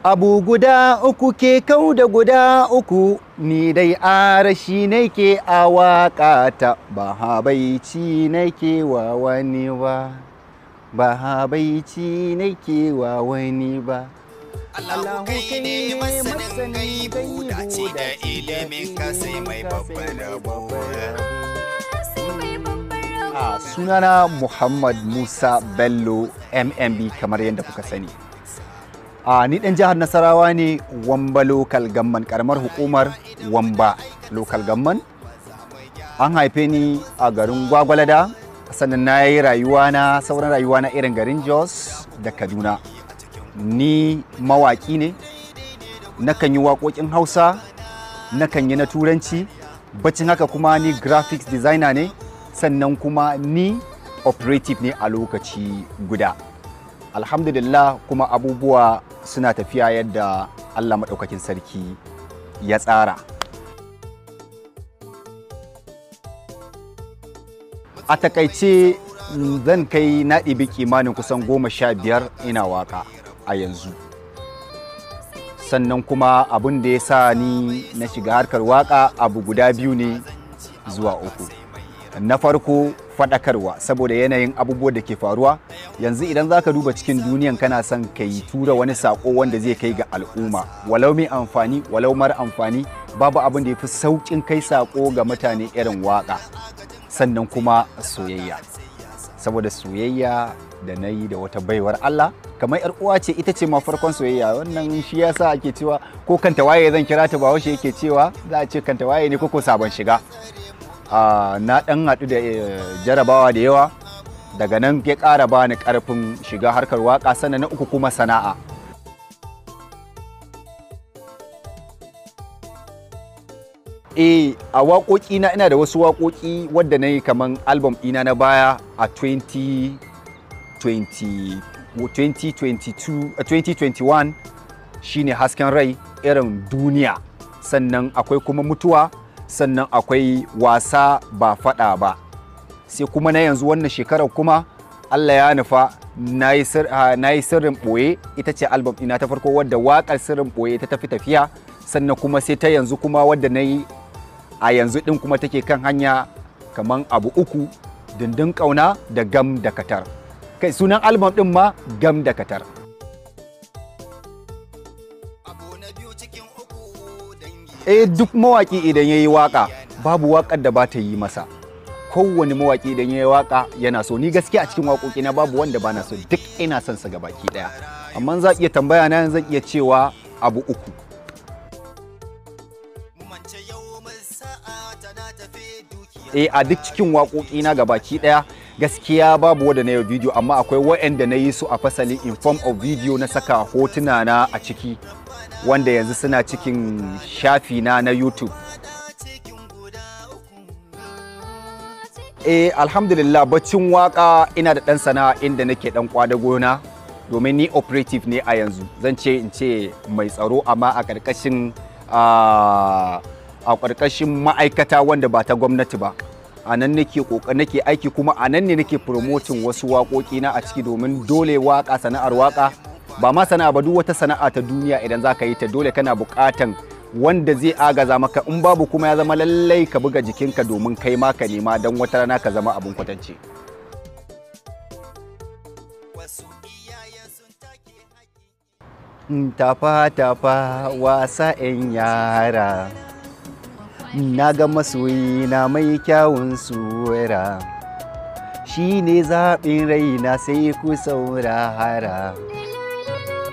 Abu guda uku ke kau da guda uku, ni dai arashi nake a waƙata, ba habaici nake wa wani ba, ba habaici nake wa wani ba. Allahu kai ne masanin gaibu ce da ilimin ka sai mai babban rabo. A ah, sunana Muhammad Musa Bello MMB kamar yadda kuka sani. a ni dan jihar nasarawa ne wamba local gamman karamar hukumar wamba local gamman an haife ni a garin gwagwalada sannan na yi rayuwa na sauran rayuwa na irin garin jos da kaduna ni mawaki ne nakan yi waƙoƙin hausa nakan yi na turanci bacin haka kuma ni graphics designer ne sannan kuma ni operative ne a lokaci guda alhamdulillah kuma abubuwa suna tafiya yadda Allah maɗaukakin sarki ya tsara. A takaice zan kai na ɗibi kimanin kusan goma sha biyar ina waka a yanzu. Sannan kuma abin da ya sa ni na shiga harkar waka abu guda biyu ne zuwa uku. na farko faɗakarwa saboda yanayin abubuwan da ke faruwa yanzu idan za ka duba cikin duniyan kana son ka yi tura wani sako wanda zai kai ga al'umma walau mai amfani walau mara amfani babu abin da ya fi sauƙin kai sako ga mutane irin waƙa sannan kuma soyayya saboda soyayya da na yi da wata baiwar Allah kamar yar uwa ce ita ce ma farkon soyayya wannan shi yasa ake cewa ko kanta waye zan kira ta ba yake cewa za a ce kanta waye ne ko sabon shiga na ɗan haɗu da eh, jarabawa da yawa daga nan ya ƙara bani ƙarfin shiga harkar waƙa sana na uku kuma sana'a e a waƙoƙi na ina da wasu waƙoƙi wadda na yi kamar album ina na baya a 2020 2021 eh, shine hasken rai irin duniya sannan akwai kuma mutuwa sannan akwai wasa ba faɗa ba sai kuma na yanzu wannan shekarar kuma Allah ya nufa na yi sirrin ɓoye ita ce album ina ta farko wadda waƙar sirrin ɓoye ta tafi tafiya sannan kuma sai ta yanzu kuma wadda na yi a yanzu din kuma take kan hanya kamar abu uku dindin ƙauna da gam da katar kai sunan album ɗin ma gam da katar eh duk mawaki idan yayi yi waka babu wakar da ba yi masa kowane mawaki idan ya yi waka yana so ni gaskiya a cikin waƙoƙi na babu wanda bana so duk ina son sa gabaki daya amma za iya tambaya na zan iya cewa abu uku eh a duk cikin waƙoƙi na gabaki ɗaya gaskiya babu wanda na yi bidiyo amma akwai wa'anda na yi su a fasalin in form of video na saka hotuna na a ciki wanda yanzu suna cikin shafi na na youtube eh alhamdulillah baccin waka ina da ɗan sana'a inda nake ɗan kwada gona domin ni operative ne a yanzu zan ce in ce mai tsaro amma a ƙarƙashin a ƙarƙashin ma'aikata wanda ba ta gwamnati ba a nan nake nake aiki kuma a nan ne nake promoting wasu waƙoƙi na a ciki domin dole waƙa sana'ar waƙa ba ma sana'a ba duk wata sana'a ta duniya idan za ka yi ta dole kana buƙatan wanda zai agaza maka in babu kuma ya zama lallai ka buga jikinka domin kai ma ka nema don wata rana ka zama abin kwatance. Tafa-tafa mm, wasa 'yan yara mm, na ga masoyi na mai kyawun sura shi ne zaɓin raina sai ku saurara.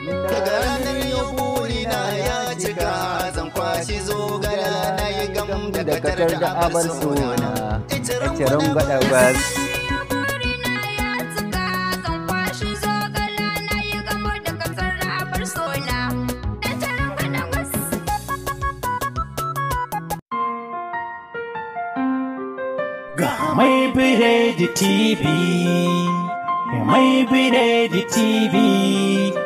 daga ranar yau burina ya cika zan kwashi zo gara na yi gam da katar da abar suna itirin gada bas Ga mai biredi TV, mai biredi TV.